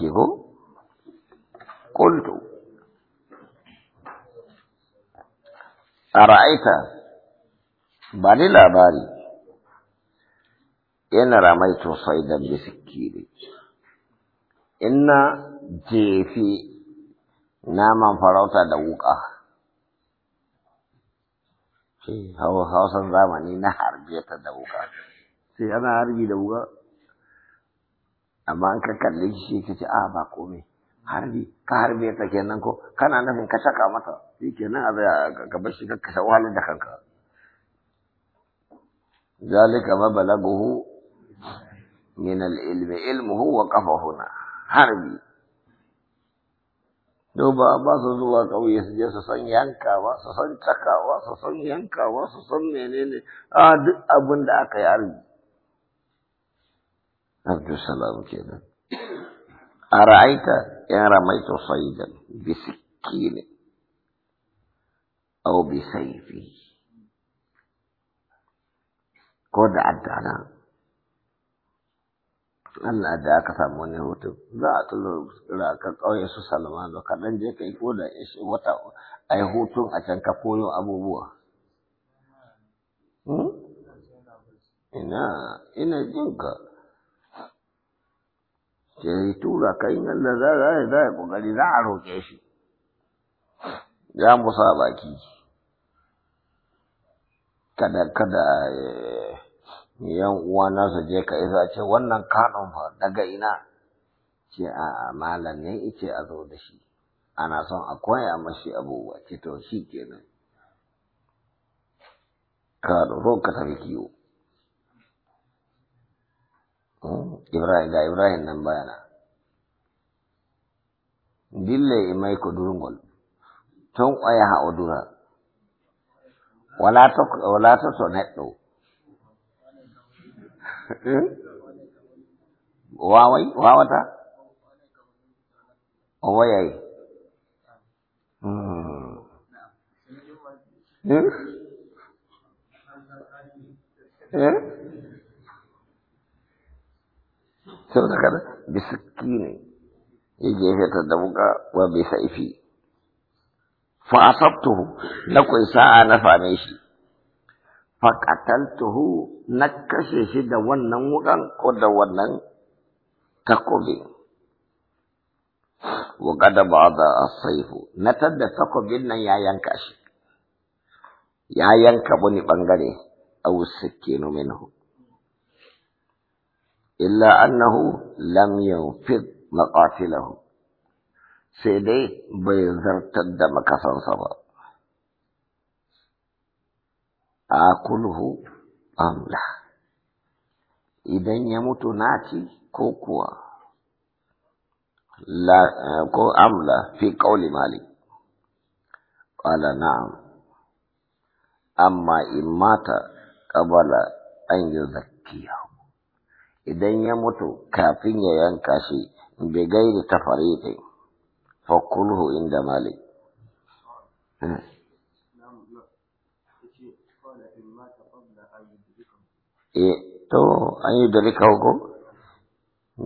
ake ko a ra'aita ba ni labari yana ramaitu saidan da sikiri inna jefi naman farauta da wuka hausan zamani na harbe ta da wuka sai ana harbi da wuka amma an ka kalle shi ka ce a ah, ba komai harbi ka harbe ta kenan ko kana nufin ka saka mata shi kenan a ka bar shi ka wahalar da kanka zalika ma balaguhu min al-ilmi huwa kafa harbi duba ba su zuwa kauye su je su san yankawa su san cakawa su san yankawa su san menene a ah, duk abin da aka yi harbi Abdulsalam kenan. A ra'aita in ramaita sayidan bi sikini aw saifi ko da addana. Allah da aka samu wani hoto za a tulo ka ƙauye su Salmanu ka dan je kai ko da wata ai hutun a can ka oh, koyo abubuwa. Hmm? Ina ke tura kai da za a za a ƙoƙari za a roƙe shi ya musa baki kada kada eh, yan uwa na su je ka isa ce wannan kanon fa daga ina ce a malam ne ice a zo da shi ana son a koya mashi abubuwa ce to shi kenan ka roƙa tafi kiwo Ibrahim ga Ibrahim nan bayana. Dille imai e ku durungol, tun ƙwaya odura wala ta neɗɗo. Hmm? Wawai, wawata? Wayai. Eh? Eh? sau da kada ne ya gefe ta da wuka wa bai sa'ifi fa asabtuhu na kun sa'a na same shi fa na kashe shi da wannan wukan ko da wannan takobi wa kada ba'da a saifu na tadda takobin nan ya yanka shi ya yanka wani bangare A aw sakinu minhu illa annahu lam yanfid maqatilahu sai dai bai zartar da makasansa ba akulhu amla idan ya mutu naci ko kuwa ko amla fi qawli mali. qala na'am amma in mata ƙabala an yuzakkiyahu idan ya mutu kafin ya yanka shi bai gaida ta fariɗe fakulhu inda malik e to an yi dari rika hukum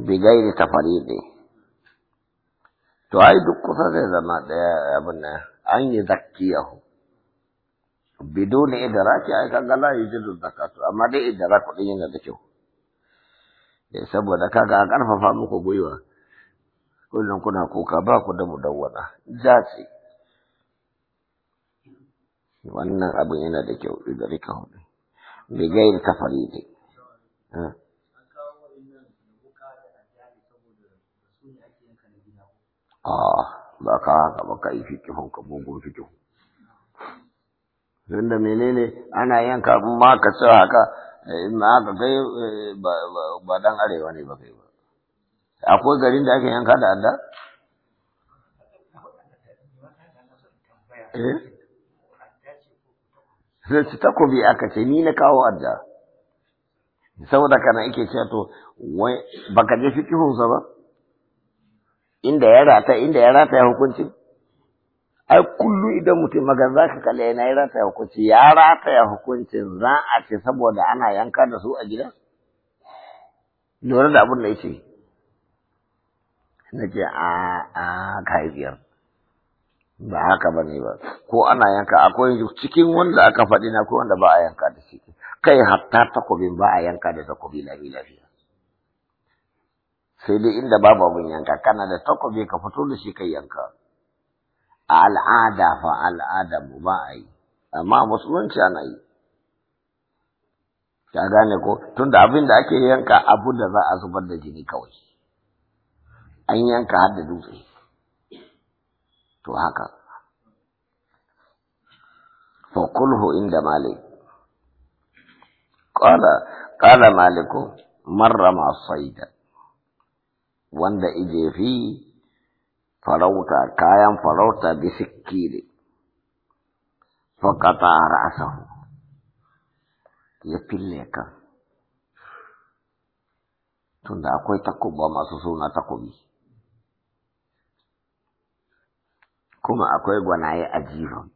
bai gaida ta fariɗe to ai duk kusa zai zama ɗaya abin nan an yi zakkiyahu bidon idraki ai kaga la yujidu zakatu amma dai idraku din yana da kyau saboda kaga a ƙarfafa muku gwiwa kullum kuna kuka ba ku da mudawwada zaci wannan abin yana da kyau gare ka hudu bi gairi kafari ne a ba ka haka ba ka yi fikihun ka bugun fikihun tunda menene ana yanka ma ka ce haka Eh, in ma aka kai eh, ba dan arewa ne ba kai ba akwai garin da ake yanka da adda eh? sai ci takobi aka ce ni na kawo adda saboda kana ike cewa to baka je fikihunsa ba inda ya rata inda ya rata ya hukuncin ai kullu idan mutum magan za ka kalle yana ya rataya hukunci ya rataya hukuncin za a ce saboda ana yanka da su a gida lura da abin da ya ce na ce a a kaifiyar ba haka ba ne ba ko ana yanka akwai cikin wanda aka faɗi na ko wanda ba a yanka da shi kai hatta takobin ba a yanka da takobi lami lafiya sai dai inda babu abin yanka kana da takobi ka fito da shi kai yanka A al'ada fa al'ada mu ba a yi amma musulunci ana yi ka gane ko tunda abin da ake yanka abu da za a zubar da jini kawai an yanka har da dutse to haka fa kulhu inda malik qala qala maliku marra ma saida wanda fi Falauta, kayan Falauta bi sikiri faƙata ra'asahu ya fille ka tunda akwai takubba masu suna takubi kuma akwai gwanaye a jifan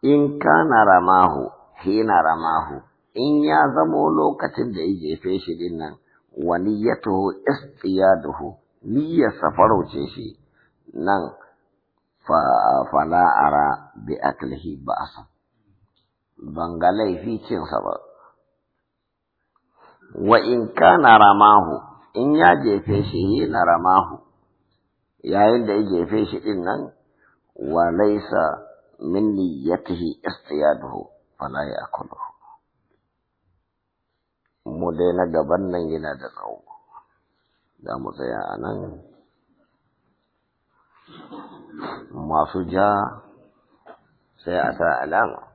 in kana ramahu hina ramahu in ya zamo lokacin da ya jefe shi din nan waliyatuhu istiyaduhu niyyarsa ce shi nan fala ara bi aklihi ba asa ban ga laifi cinsa ba wa in kana ramahu in ya jefe shi na ramahu yayin da ya jefe shi din nan wa laisa min niyyatihi istiyaduhu fala ya'kuluhu mu dai na gaban nan yana da tsawo za mu tsaya a nan masu ja sai a sa alama